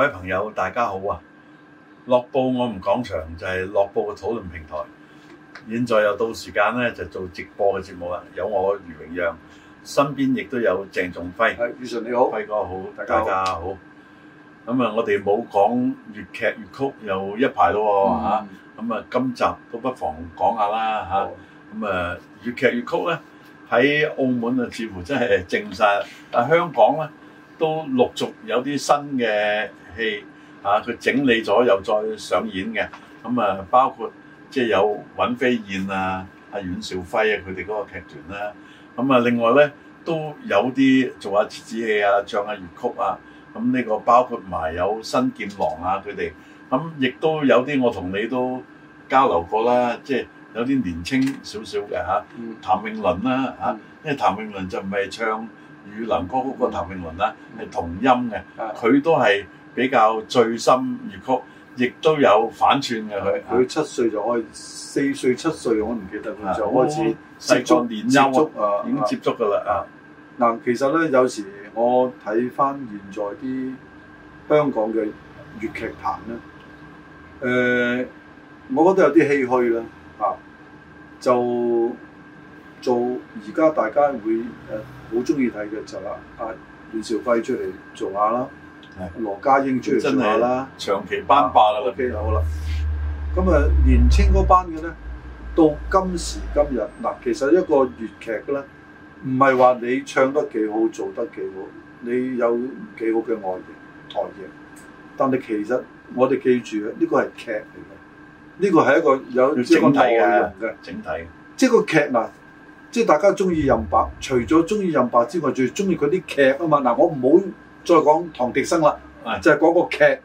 各位朋友，大家好啊！樂報我唔講場，就係樂報嘅討論平台。現在又到時間咧，就做直播嘅節目啦。有我余榮陽，身邊亦都有鄭仲輝。係宇順你好，輝哥好，大家好。咁啊，我哋冇講粵劇粵曲又一排咯吓。咁、嗯、啊，今集都不妨講下啦吓。咁啊，粵劇粵曲咧喺澳門啊，似乎真係靜晒啦。但香港咧，都陸續有啲新嘅。戲嚇佢整理咗又再上演嘅。咁啊，包括即係有尹飛燕啊、阿阮兆輝啊，佢哋嗰個劇團啦、啊。咁啊，另外咧都有啲做下折子戲啊，唱下粵曲啊。咁呢個包括埋有新劍郎啊，佢哋咁亦都有啲我同你都交流過啦，即係有啲年輕少少嘅，吓，譚詠麟啦吓，因為譚詠麟就唔係唱雨林歌曲個譚詠麟啦，係同音嘅，佢的都係。比較醉心粵曲，亦都有反串嘅佢。佢七歲就開，四歲七歲我唔記得佢就開始細個年紀啊，觸已經接觸㗎啦啊！嗱、啊，其實咧有時我睇翻現在啲香港嘅粵劇壇咧，誒、呃，我覺得有啲唏噓啦啊！就做而家大家會誒好中意睇嘅就阿阿阮兆輝出嚟做下啦。羅家英出嚟做下啦，真係長期班霸啦，幾好啦。咁啊，okay，年青嗰班嘅咧，到今時今日嗱，其實一個粵劇咧，唔係話你唱得幾好，做得幾好，你有幾好嘅外形、台型，但係其實我哋記住啊，呢個係劇嚟嘅，呢個係一個有整體嘅，個整體。即係個劇嗱，即係大家中意任白，除咗中意任白之外，最中意嗰啲劇啊嘛。嗱，我唔好。再講唐迪生啦，就係講個劇，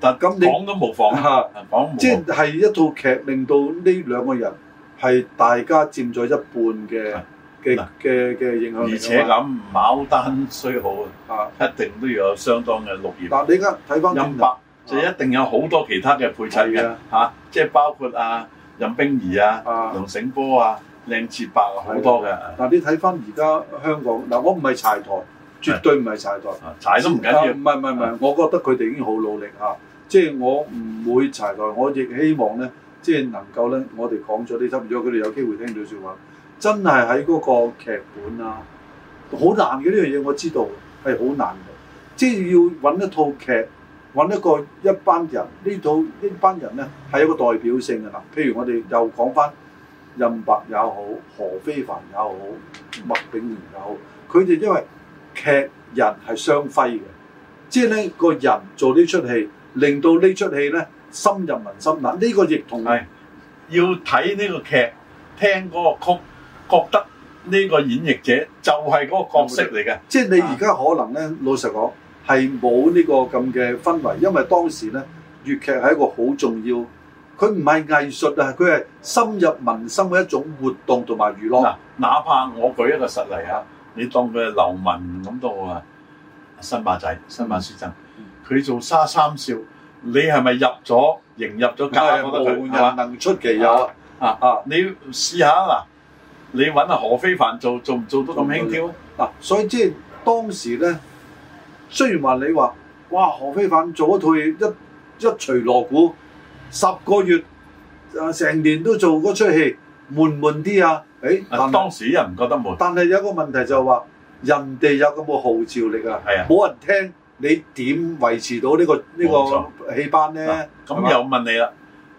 但咁你講都冇妨，即係一套劇令到呢兩個人係大家佔咗一半嘅嘅嘅嘅影響，而且咁牡丹雖好啊，一定都要有相當嘅綠葉。嗱你而家睇翻任白，就一定有好多其他嘅配襯嘅嚇，即係包括啊任冰兒啊、梁醒波啊、靚次伯啊好多嘅。嗱你睇翻而家香港嗱，我唔係柴台。絕對唔係柴台、啊，柴都唔緊要。唔係唔係唔係，我覺得佢哋已經好努力嚇，即係、啊、我唔會柴台。我亦希望咧，即係能夠咧，我哋講咗啲，特別如果佢哋有機會聽到説話，真係喺嗰個劇本啊，好難嘅呢樣嘢，這我知道係好難嘅。即係要搵一套劇，搵一個一班人，呢套一班人咧係一個代表性嘅嗱。譬如我哋又講返任白也好，何非凡也好，麥炳榮也好，佢哋因為。劇人係雙輝嘅，即係呢個人做呢齣戲，令到戲呢齣戲呢深入民心。嗱，呢個亦同係要睇呢個劇，聽嗰個曲，覺得呢個演繹者就係嗰個角色嚟嘅。即係、就是、你而家可能呢，啊、老實講係冇呢個咁嘅氛圍，因為當時呢，粵劇係一個好重要，佢唔係藝術啊，佢係深入民心嘅一種活動同埋娛樂。哪怕我舉一個實例啊。你當佢係流民咁都好啊，新馬仔、新馬師曾，佢做沙三少，你係咪入咗，迎入咗假啊？換入、哎、能出其右啊！啊！你試下嗱，你揾阿何非凡做做唔做得咁輕佻？嗱、嗯，所以即係當時咧，雖然話你話，哇！何非凡做咗套戲，一一槌鑼鼓，十個月啊，成年都做嗰出戲，悶悶啲啊！誒，欸、是當時人唔覺得冇，但係有一個問題就係話，是的人哋有咁嘅號召力啊，冇的人聽，你點維持到呢、這個呢錯個戲班咧？咁、啊、吧又問你啦。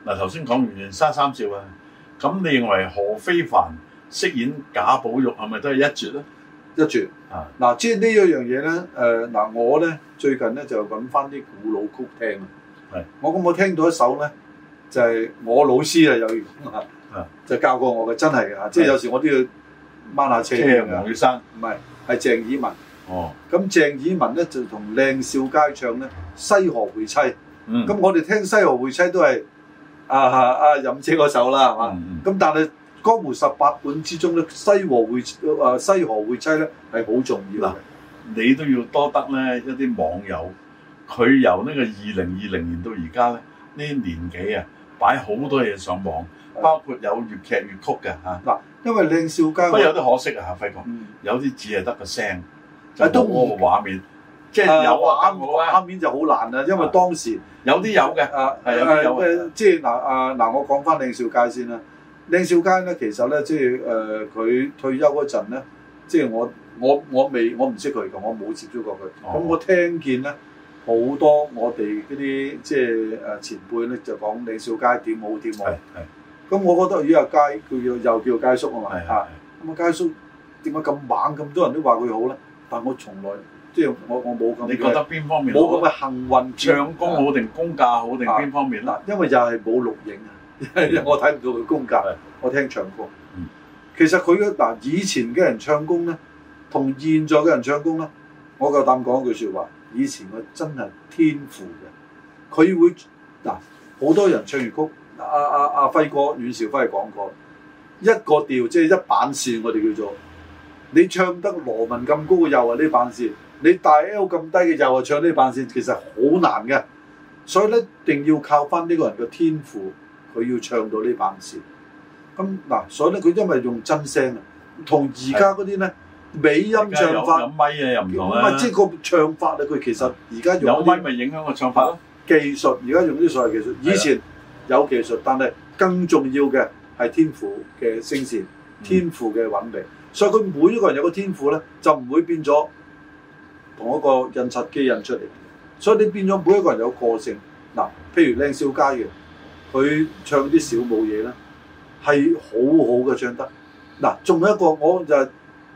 嗱頭先講《完《袁三三少》啊，咁你認為何非凡飾演賈寶玉係咪都係一絕咧？一絕。的啊，嗱、啊，即係呢一樣嘢咧，誒、呃、嗱，我咧最近咧就揾翻啲古老曲聽啊。係的。我咁我聽到一首咧，就係、是、我老師啊有。啊、就教過我嘅，真係嘅、啊、即係有時我都要掹下車嘅。車黃雨生，唔係是，係、啊、鄭以文。哦。咁鄭以文咧就同靚少佳唱咧《西河會妻》。咁我哋聽《西河會妻》都係啊啊阿任姐嗰首啦，係嘛？咁但係江湖十八本之中咧，《西河會》啊《西河會妻》呢咧係好重要啦。嗱、啊，你都要多得咧一啲網友。佢由呢個二零二零年到而家咧，呢年紀啊。擺好多嘢上網，包括有粵劇粵曲嘅嚇。嗱的，因為靚少佳，不過有啲可惜啊，輝哥，嗯、有啲字係得個聲，都冇個畫面，即係、就是、有畫面的、啊、畫面就好難啊。因為當時有啲有嘅啊，係有有嘅，即係嗱啊嗱，我講翻靚少佳先啦。靚少佳咧，其實咧，即係誒，佢退休嗰陣咧，即係我我我未我唔識佢嘅，我冇接觸過佢，咁、哦、我聽見咧。好多我哋嗰啲即係前輩咧，就講李少佳點好點好。咁我覺得如果阿佳佢又叫佳叔啊嘛，吓，咁啊，佳叔點解咁猛，咁多人都話佢好咧？但我從來即係我我冇咁。你覺得邊方面冇咁嘅幸運，唱功好定功架好定邊方面啦？因為又係冇錄影啊，我睇唔到佢功架，我聽唱功。其實佢，嗱以前嘅人唱功咧，同現在嘅人唱功咧，我夠膽講一句說話。以前我真係天賦嘅，佢會嗱好多人唱粵曲，阿阿阿輝哥阮兆輝講過，一個調即係一板線，我哋叫做你唱得羅文咁高嘅又係呢板線，你大 L 咁低嘅又係唱呢板線，其實好難嘅，所以咧一定要靠返呢個人嘅天賦，佢要唱到呢板線。咁嗱，所以咧佢因為用真聲啊，同而家嗰啲咧。美音唱法，咪即係個唱法啊！佢其實而家用有咪影響個唱法，技術而家用啲所謂技術，以前有技術，是的 但係更重要嘅係天賦嘅聲線、嗯、天賦嘅韻味。所以佢每一個人有個天賦咧，就唔會變咗同一個印刷機印出嚟。所以你變咗每一個人有個性。嗱，譬如靚少佳員，佢唱啲小武嘢咧，係好好嘅唱得。嗱，仲有一個我就係。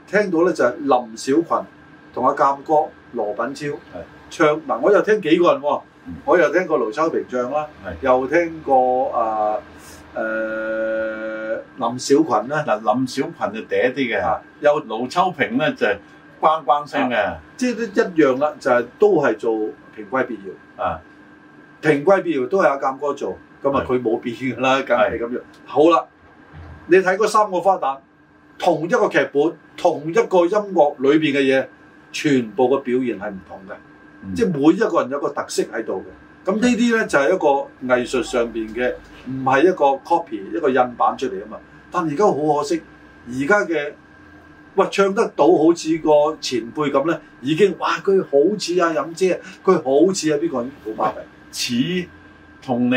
聽到咧就係林小群同阿鑑哥羅品超唱。嗱，我又聽幾個人喎，我又聽過盧秋萍唱啦，又聽過啊、誒林小群咧，嗱，林小群就嗲啲嘅，有盧秋萍咧就關關聲嘅，即係都一樣啦，就係都係做平貴別窰啊。平貴別窰都係阿鑑哥做，咁啊佢冇變啦，梗係咁樣。好啦，你睇嗰三個花旦，同一個劇本、同一個音樂裏邊嘅嘢，全部嘅表現係唔同嘅，嗯、即係每一個人有一個特色喺度嘅。咁呢啲咧就係、是、一個藝術上邊嘅，唔係一個 copy 一個印版出嚟啊嘛。但而家好可惜，而家嘅話唱得到好似個前輩咁咧，已經哇佢好似阿任姐，佢好、啊這個、似阿邊個好巴閉，似同你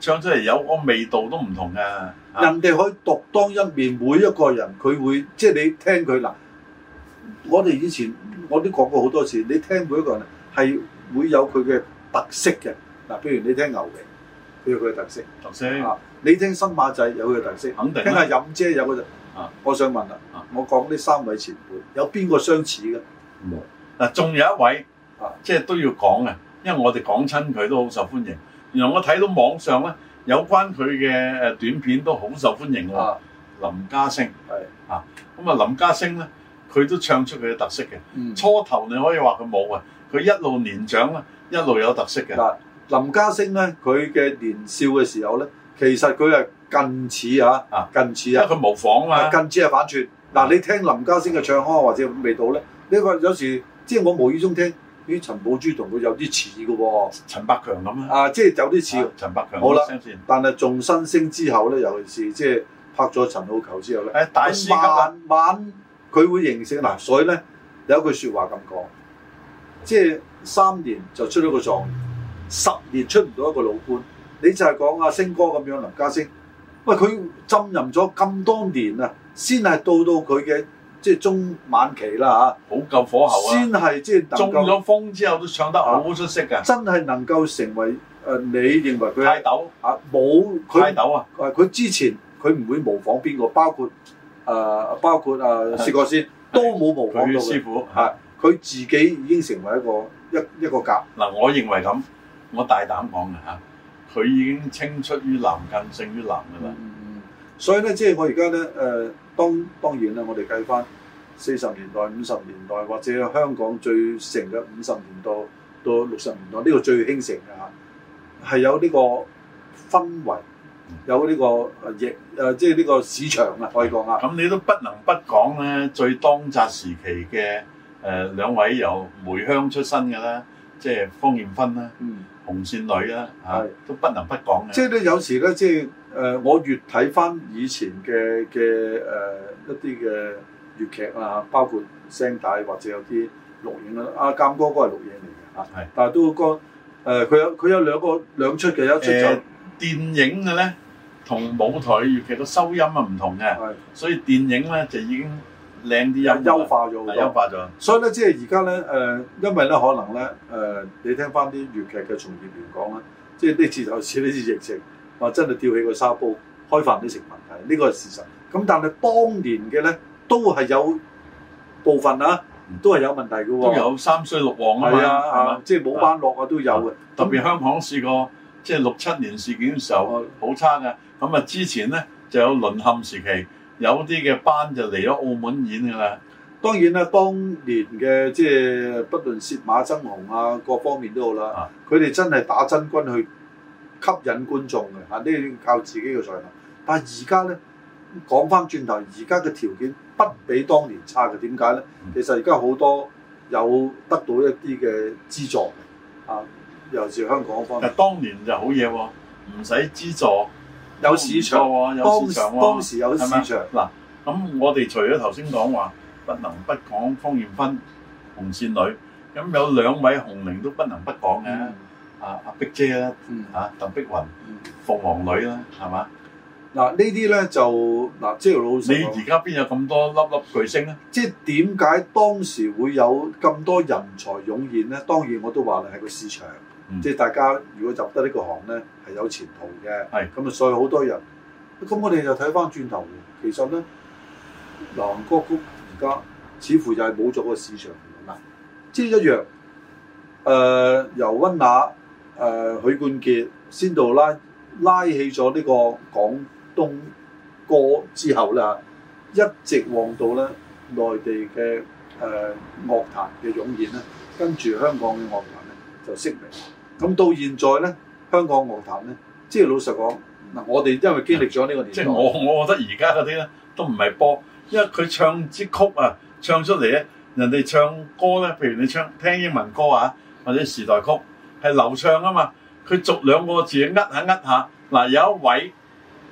唱出嚟有個味道都唔同嘅。人哋可以獨當一面，每一個人佢會即係你聽佢嗱，我哋以前我都講過好多次，你聽每一個人係會有佢嘅特色嘅嗱，譬如你聽牛嘅佢有佢嘅特色；特色啊，你聽新馬仔有佢嘅特色，肯定聽聽下任姐有佢嘅特色啊，我想問啦，我講呢三位前輩有邊個相似嘅？冇嗱、嗯，仲有一位啊，即係都要講嘅，因為我哋講親佢都好受歡迎。原來我睇到網上咧。嗯有關佢嘅短片都好受歡迎、啊、林家聲，是啊，咁啊林家聲咧，佢都唱出佢嘅特色嘅。嗯、初頭你可以話佢冇啊，佢一路年長啦，一路有特色嘅。嗱、啊，林家聲咧，佢嘅年少嘅時候咧，其實佢係近似啊，啊近似啊，因為佢模仿啊近似係反串。嗱、啊，你聽林家聲嘅唱腔或者味道咧，呢個有時即係我無意中聽。咦，陳寶珠同佢有啲似嘅喎，陳百強咁啊，即係有啲似陳百強，咁嘅聲線。好啦，但係仲新星之後咧，尤其是即係拍咗《陳老球》之後咧，哎、大師他慢慢佢會認識嗱。的所以咧，有一句説話咁講，即係三年就出咗個狀元，十年出唔到一個老倌。你就係講阿星哥咁樣，林家聲，喂，佢浸淫咗咁多年啊，先係到到佢嘅。即係中晚期啦嚇，好夠火候啊！先係即係中咗風之後都唱得好出色嘅。真係能夠成為誒你認為佢泰斗啊，冇泰斗啊！佢之前佢唔會模仿邊個，包括誒包括誒，試過先都冇模仿到佢師傅嚇。佢自己已經成為一個一一個格。嗱，我認為咁，我大膽講嘅嚇，佢已經青出於藍，更勝於藍㗎啦。所以咧，即係我而家咧，誒、呃，當然當然啦，我哋計返四十年代、五十年代，或者香港最盛嘅五十年代到六十年代，呢、這個最興盛嘅嚇，係有呢個氛圍，有呢、這個誒、嗯這個啊啊、即係呢個市場啊，嗯、可以講啊。咁你都不能不講咧，最當紮時期嘅誒、呃、兩位由梅香出身嘅咧。即係方艷芬啦，嗯、紅線女啦，嚇都不能不講嘅。即係都有時咧，即係誒，我越睇返以前嘅嘅誒一啲嘅粵劇啊，包括聲帶或者有啲錄影啊，阿監哥哥係錄影嚟嘅嚇，係是，但係都個誒佢、呃、有佢有兩個兩出嘅一出就、呃、電影嘅咧，同舞台嘅粵劇嘅收音啊唔同嘅，係是，所以電影咧就已經。靚啲啊，優化咗好多，優化所以咧即係而家咧誒，因為咧可能咧誒、呃，你聽翻啲粵劇嘅從業員講啦，即係呢次就似呢次疫情，話真係吊起個沙煲，開飯都成問題，呢、呢個係事實。咁但係當年嘅咧都係有部分啊，都係有問題嘅喎、嗯。都有三衰六旺啊嘛，即係冇班落啊都有嘅。啊、特別香港試過即係六七年事件嘅時候好、嗯、差嘅。咁啊之前咧就有淪陷時期。嗯有啲嘅班就嚟咗澳門演噶啦，當然啦，當年嘅即係不論薛馬爭雄啊，各方面都好啦。佢哋、啊、真係打真軍去吸引觀眾嘅，呢啲都靠自己嘅才能。但係而家咧講返轉頭，而家嘅條件不比當年差嘅，點解咧？嗯、其實而家好多有得到一啲嘅資助嘅，啊尤其是在香港方面。但係當年就好嘢喎，唔使資助。有市場，有市場，當時，當時有市場。嗱，咁、啊、我哋除咗頭先講話，不能不講芳艷芬、紅線女，咁有兩位紅伶都不能不講嘅，阿阿、嗯啊啊、碧姐啦，嚇、嗯啊、鄧碧雲、嗯、鳳凰女啦，係嘛？嗱、啊，呢啲咧就嗱，即、啊、係、就是、老實講，你而家邊有咁多粒粒巨星咧？即係點解當時會有咁多人才湧現咧？當然我都話你係個市場。即係、嗯、大家如果入得呢個行咧，係有前途嘅。係咁啊，所以好多人。咁我哋就睇翻轉頭，其實咧，流行歌曲而家似乎就係冇咗個市場啦。即係一樣，誒、呃、由溫拿、誒、呃、許冠傑、仙杜拉拉起咗呢個廣東歌之後啦，一直旺到咧內地嘅誒樂壇嘅湧現咧，跟住香港嘅樂壇咧就式微。咁到現在咧，香港樂壇咧，即係老實講，嗱，我哋因為經歷咗呢個年代，即係、就是、我我覺得而家嗰啲咧都唔係波，因為佢唱支曲啊，唱出嚟咧，人哋唱歌咧，譬如你唱聽英文歌啊，或者時代曲，係流暢啊嘛，佢逐兩個字呃下呃下，嗱、啊、有一位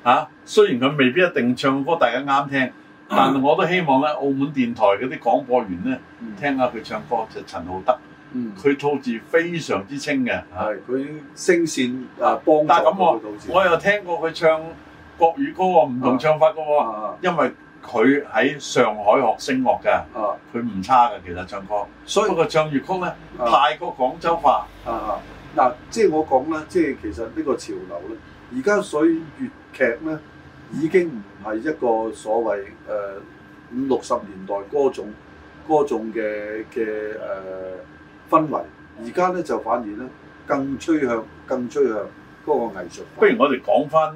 嚇、啊，雖然佢未必一定唱歌大家啱聽，但係我都希望咧，澳門電台嗰啲廣播員咧，聽下佢唱歌、嗯、就陳浩德。嗯，佢吐字非常之清嘅，係佢聲線啊幫助咁喎，我又聽過佢唱國語歌喎，唔同唱法嘅喎，啊、因為佢喺上海學聲樂嘅，佢唔差嘅其實的的唱歌。所以不過唱粵曲咧，太、啊、過廣州化啊！嗱、啊，即係我講咧，即係其實呢個潮流咧，而家所以粵劇咧已經唔係一個所謂誒五六十年代歌種歌種嘅嘅誒。氛圍而家咧就反而咧更趨向、更趨向嗰個藝術。不如我哋講翻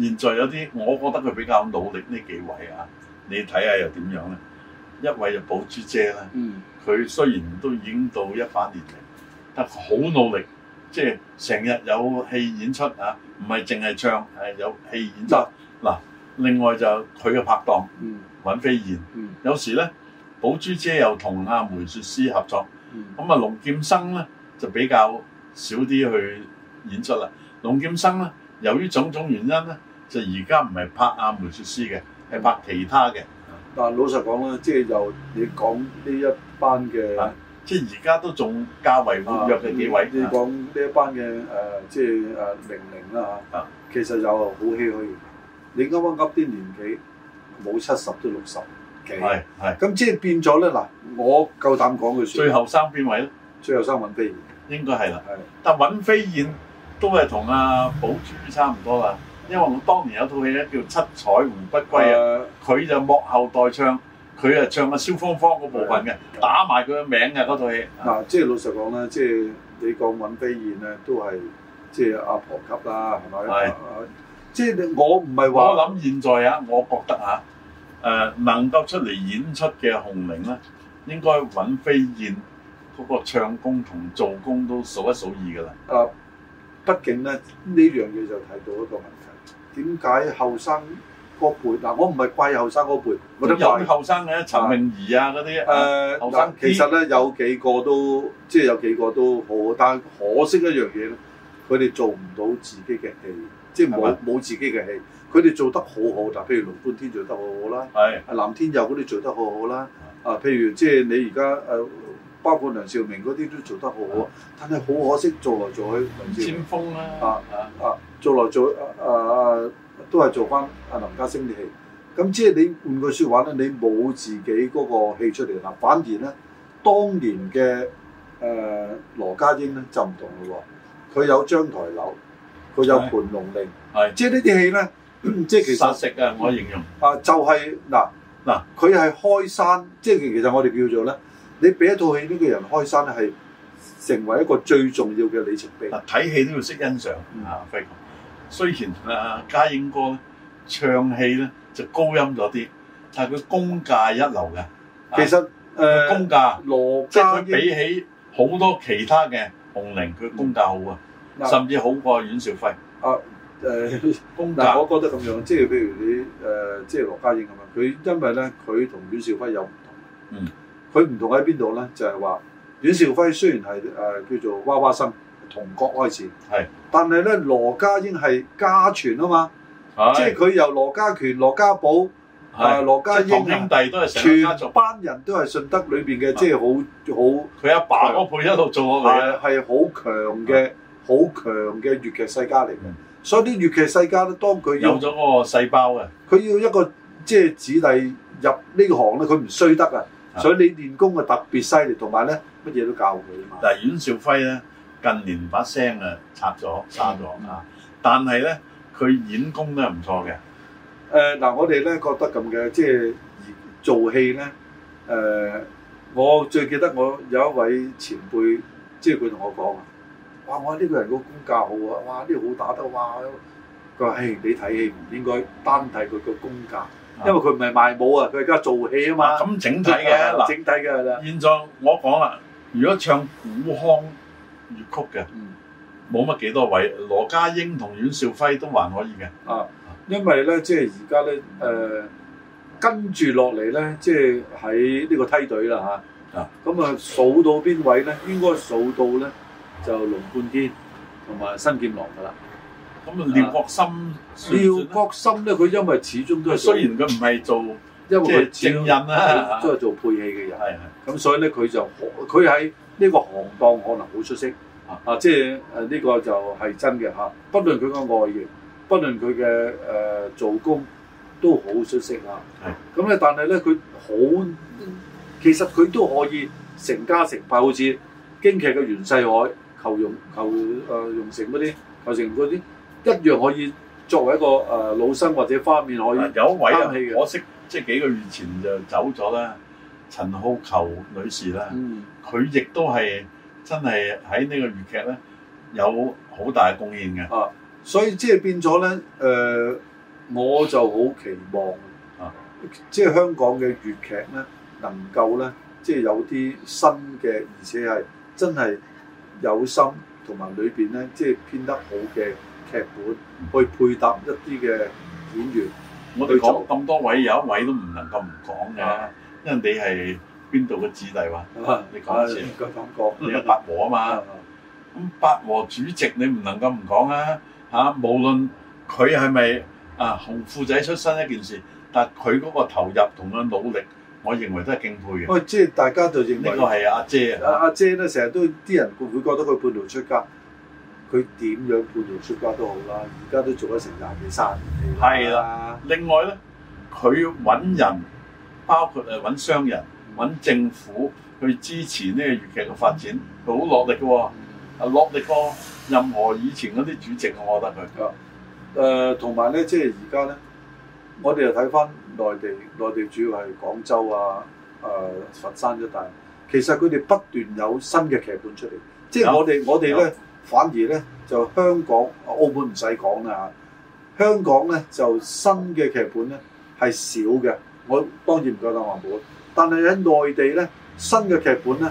現在有啲，我覺得佢比較努力呢幾位啊，你睇下又點樣咧？一位就寶珠姐咧，佢、嗯、雖然都已經到一把年齡，但佢好努力，即係成日有戲演出啊，唔係淨係唱，係有戲演出。嗱，另外就佢嘅拍檔，嗯、尹飛燕，嗯、有時咧寶珠姐又同阿梅雪詩合作。咁啊、嗯，龍劍笙咧就比較少啲去演出啦。龍劍笙咧，由於種種原因咧，就而家唔係拍阿姆的《阿梅雪詩》嘅，係拍其他嘅、嗯。但嗱，老實講、就是、講咧、嗯啊，即係又你講呢一班嘅，即係而家都仲較為活躍嘅幾位。啊嗯、你講呢一班嘅誒，即係誒名名啦嚇。其實就好唏噓。嗯、你啱啱噏啲年紀，冇七十都六十。係係，咁即係變咗咧嗱，我夠膽講句說話，最後生邊位咧，最後生尹飛燕，應該係啦，係，但尹飛燕都係同阿寶珠差唔多啦，因為我當年有套戲咧叫《七彩胡不歸》啊，佢、呃、就幕後代唱，佢啊唱阿蕭芳芳嗰部分嘅，的打埋佢嘅名嘅嗰套戲。嗱，即係的的老實講咧，即、就、係、是、你講尹飛燕咧，都係即係阿婆級啦，係咪？即係的、就是、我唔係話，我諗現在啊，我覺得吓。誒、呃、能夠出嚟演出嘅紅伶咧，應該尹飛燕嗰個唱功同做工都數一數二嘅啦。啊，畢竟咧呢樣嘢就睇到一個問題，點解後生嗰輩嗱？我唔係怪後生嗰輩，有後生嘅陳詠儀啊嗰啲，後生其實咧有幾個都即係有幾個都好，但係可惜一樣嘢咧，佢哋做唔到自己嘅戲，即係冇冇自己嘅戲。佢哋做得好好，嗱，譬如龍貫天做得好好啦，係，是的 藍天佑嗰啲做得好好啦，是的 啊，譬如即係你而家誒，包括梁兆明嗰啲都做得好好，是的 但係好可惜，做來做去，林峰啦、啊啊，啊坐坐啊，做來做去啊都係做翻阿林家聲啲戲，咁即係你換句説話咧，你冇自己嗰個戲出嚟啦，反而咧，當年嘅誒、呃、羅家英咧就唔同嘞，佢有章台柳，佢有盤龍令，係，即係呢啲戲咧。即係其實、就是，食嘅我形容啊，就係嗱嗱，佢係開山，即係其實我哋叫做咧，你俾一套戲呢個人開山咧，係成為一個最重要嘅里程碑。睇戲都要識欣賞、嗯、啊，輝哥。雖然阿家英哥呢唱戲咧就高音咗啲，但係佢功架一流嘅。其實誒，功架羅家英，即係佢比起好多其他嘅紅伶，佢功架好啊，嗯、甚至好過阮兆輝。啊誒，但我覺得咁樣，即係譬如你誒，即係羅家英咁樣，佢因為咧，佢同阮兆輝有唔同。嗯。佢唔同喺邊度咧？就係話，阮兆輝雖然係誒叫做娃娃生，童角開始。係。但係咧，羅家英係家傳啊嘛，即係佢由羅家權、羅家寶、啊羅家英兄弟都啊，全班人都係順德裏邊嘅，即係好好，佢阿爸嗰輩一路做過嘅嘢，係好強嘅，好強嘅粵劇世家嚟嘅。所以啲粵劇世家咧，當佢有咗嗰個細胞嘅，佢要一個即係子弟入呢個行咧，佢唔衰得啊！所以你練功啊特別犀利，同埋咧乜嘢都教佢啊嘛。嗱，阮兆輝咧近年把聲啊拆咗沙咗啊，但係咧佢演功都係唔錯嘅。誒嗱，我哋咧覺得咁嘅即係做戲咧，誒我最記得我有一位前輩，即係佢同我講啊。哇！我、這、呢個人個功架好啊！哇！呢、這個好打得哇、啊！佢話，誒，你睇戲唔應該單睇佢個功架，嗯、因為佢唔係賣武啊，佢而家做戲啊嘛。咁整體嘅，啊、整體嘅啦。啊、現在我講啦，如果唱古腔粵曲嘅，冇乜幾多位，羅家英同阮兆輝都還可以嘅。啊，因為咧，即係而家咧，誒、呃，跟住落嚟咧，即係喺呢個梯隊啦嚇。啊，咁啊，數到邊位咧？應該數到咧。就《龍貫天》同埋《新劍郎》噶啦，咁廖國森，廖國森咧，佢因為始終都係雖然佢唔係做，因為佢兼任啊，都係做配戲嘅人，咁所以咧佢就佢喺呢個行當可能好出色，啊，即係呢個就係真嘅嚇。不論佢嘅外形，不論佢嘅誒做工，都好出色是啊。係咁咧，但係咧佢好，其實佢都可以成家成派，好似京劇嘅袁世海。求融求誒融、呃、成嗰啲，求成嗰啲一樣可以作為一個誒、呃、老生或者花面可以擔起嘅。可惜即係幾個月前就走咗啦，陳好逑女士啦，佢亦都係真係喺呢個粵劇咧有好大嘅貢獻嘅。啊，所以即係變咗咧誒，我就好期望啊，即係香港嘅粵劇咧能夠咧，即係有啲新嘅，而且係真係。有心同埋裏邊咧，即係編得好嘅劇本，去配搭一啲嘅演員。我哋講咁多位，有一位都唔能夠唔講嘅，因為你係邊度嘅子弟話、啊啊、你講先，你阿八和啊嘛，咁八 和主席你唔能夠唔講啊吓！無論佢係咪啊紅褲仔出身一件事，但佢嗰個投入同佢努力。我認為都係敬佩嘅。喂，即係大家就認呢個係阿姐啊！阿阿、啊啊、姐咧，成日都啲人會唔會覺得佢半路出家？佢點樣半路出家都好啦，而家都做咗成廿年、三十年。係啦。另外咧，佢揾人，嗯、包括誒揾商人、揾政府去支持呢個粵劇嘅發展，佢好落力嘅喎、哦，啊落力過任何以前嗰啲主席，我覺得佢誒同埋咧，即係而家咧。我哋就睇翻內地，內地主要係廣州啊、誒、呃、佛山一帶，其實佢哋不斷有新嘅劇本出嚟，即係我哋有我哋咧，有反而咧就香港澳門唔使講啦，香港咧就新嘅劇本咧係少嘅，我當然唔夠得澳門，但係喺內地咧新嘅劇本咧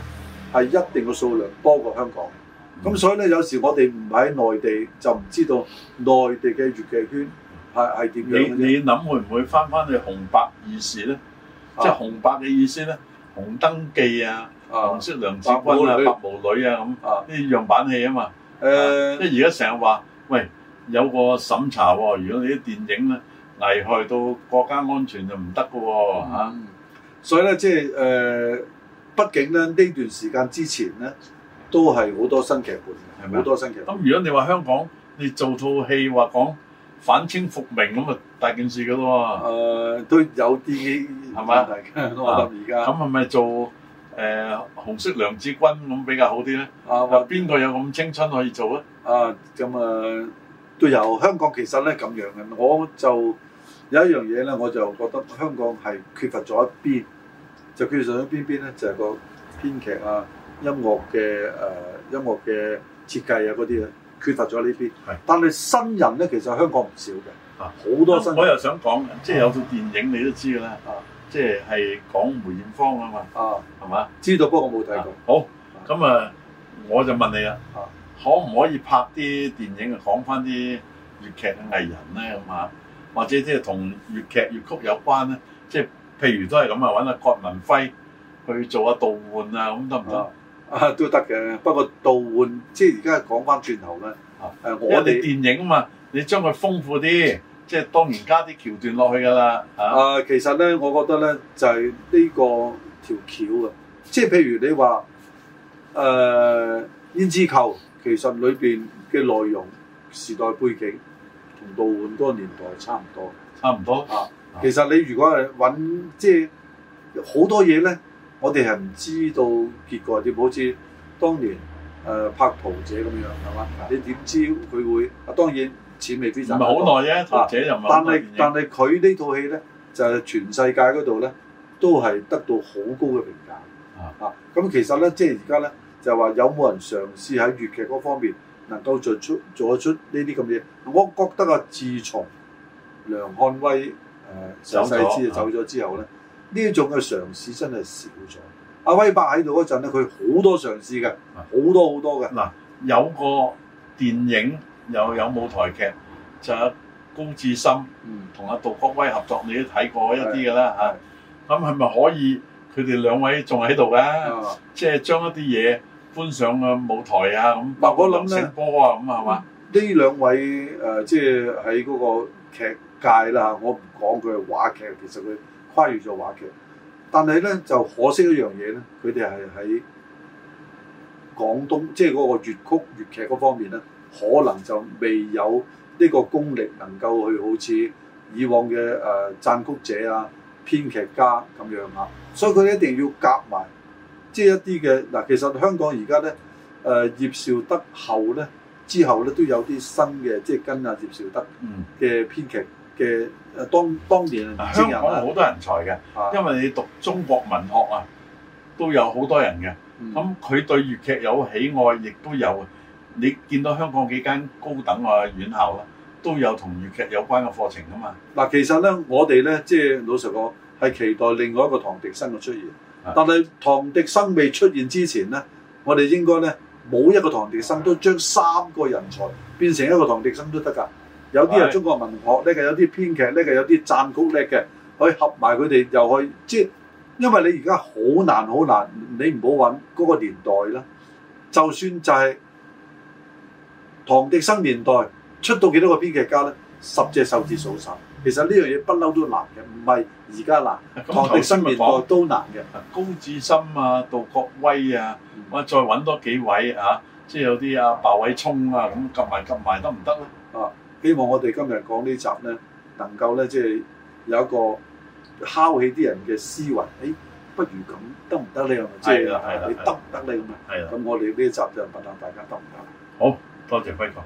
係一定嘅數量多過香港，咁、嗯、所以咧有時候我哋唔喺內地就唔知道內地嘅粵劇圈。係係點樣？你你諗會唔會翻翻去紅白意思咧？啊、即係紅白嘅意思咧？紅燈記啊，啊紅色娘子軍啊，白毛女，女啊咁，啲、啊、樣板戲啊嘛。誒、呃，即係而家成日話，喂，有個審查喎、哦。如果你啲電影咧危害到國家安全就唔得嘅喎。所以咧，即係誒，畢竟咧呢段時間之前咧，都係好多新劇本係咪？好吧多新劇本。咁、啊、如果你話香港，你做套戲話講？反清復明咁啊大件事噶咯喎！都有啲，係嘛吧？大家都話而家咁係咪做誒、呃、紅色梁子軍咁比較好啲咧？啊話邊個有咁青春可以做咧、啊？啊咁啊都有香港其實咧咁樣嘅，我就有一樣嘢咧，我就覺得香港係缺乏咗一邊，就缺少咗邊邊咧？就係個編劇啊、音樂嘅誒、音樂嘅設計啊嗰啲啊。缺乏咗呢啲，但係新人咧其實香港唔少嘅，好多新人。我又想講，即係有套電影你都知啦，即係係講梅艷芳啊嘛，係嘛？知道，不過我冇睇過。好，咁啊，我就問你啦，可唔可以拍啲電影啊，講翻啲粵劇嘅藝人咧咁啊，或者即係同粵劇粵曲有關咧，即係譬如都係咁啊，揾阿郭文輝去做下導演啊，咁得唔得？啊，都得嘅。不過倒換，即係而家講翻轉頭咧。啊，誒，我哋電影啊嘛，你將佢豐富啲，即係當然加啲橋段落去㗎啦。啊，啊其實咧，我覺得咧，就係呢個條橋啊。即係譬如你話，誒《胭脂扣》，其實裏邊嘅內容、時代背景，同倒換嗰個年代差唔多。差唔多。啊，啊其實你如果係揾，即係好多嘢咧。我哋係唔知道結果點，好似當年誒、呃、拍《桃姐》咁樣，係嘛？是的 你點知佢會？啊當然，錢未必就唔係好耐啫，《桃姐》又唔係，但係但係佢呢套戲咧，就係、是、全世界嗰度咧，都係得到好高嘅評價。的啊，咁其實咧，即係而家咧，就話有冇人嘗試喺粵劇嗰方面能夠做出做出呢啲咁嘢？我覺得啊、呃，自從梁漢威誒上世之啊走咗之後咧，呢種嘅嘗試真係少咗。阿威伯喺度嗰陣咧，佢好多嘗試嘅，好多好多嘅。嗱、嗯，有個電影又有，有舞台劇，就阿、是、高志森同、嗯、阿杜國威合作，你都睇過一啲嘅啦嚇。咁係咪可以佢哋兩位仲喺度嘅？即係將一啲嘢搬上個舞台啊，咁流清波啊，咁係嘛？呢兩位誒，即係喺嗰個劇界啦，我唔講佢係話劇，其實佢。跨越咗話劇，但係咧就可惜一樣嘢咧，佢哋係喺廣東，即係嗰個粵曲粵劇嗰方面咧，可能就未有呢個功力能夠去好似以往嘅誒、呃、撰曲者啊、編劇家咁樣啊，所以佢哋一定要夾埋即係一啲嘅。嗱，其實香港而家咧誒葉兆德後咧之後咧都有啲新嘅即係跟啊葉兆德嘅編劇。嘅當當年香港好多人才嘅，的因為你讀中國文學啊，都有好多人嘅。咁佢、嗯、對粵劇有喜愛，亦都有。你見到香港幾間高等啊院校啦，都有同粵劇有關嘅課程噶嘛。嗱，其實咧，我哋咧，即係老實講，係期待另外一個唐滌生嘅出現。是的但係唐滌生未出現之前咧，我哋應該咧，冇一個唐滌生都將三個人才變成一個唐滌生都得㗎。有啲係中國文學呢嘅，有啲編劇呢嘅，有啲撰曲叻嘅，可以合埋佢哋又去即係，因為你而家好難好難，你唔好揾嗰個年代啦。就算就係唐迪生年代出到幾多個編劇家咧，十隻手指數數。嗯、其實呢樣嘢不嬲都難嘅，唔係而家難。嗯、唐迪生年代都難嘅。嗯、高志森啊，杜國威啊，我、嗯、再揾多幾位啊，即係有啲啊，白偉聰啊，咁夾埋夾埋得唔得咧？行希望我哋今日講呢集咧，能夠咧即係有一個敲起啲人嘅思維，誒、哎，不如咁得唔得咧？我咪借啦，你得唔得咧咁啊？咁我哋呢集就問下大家得唔得？的好多謝菲哥。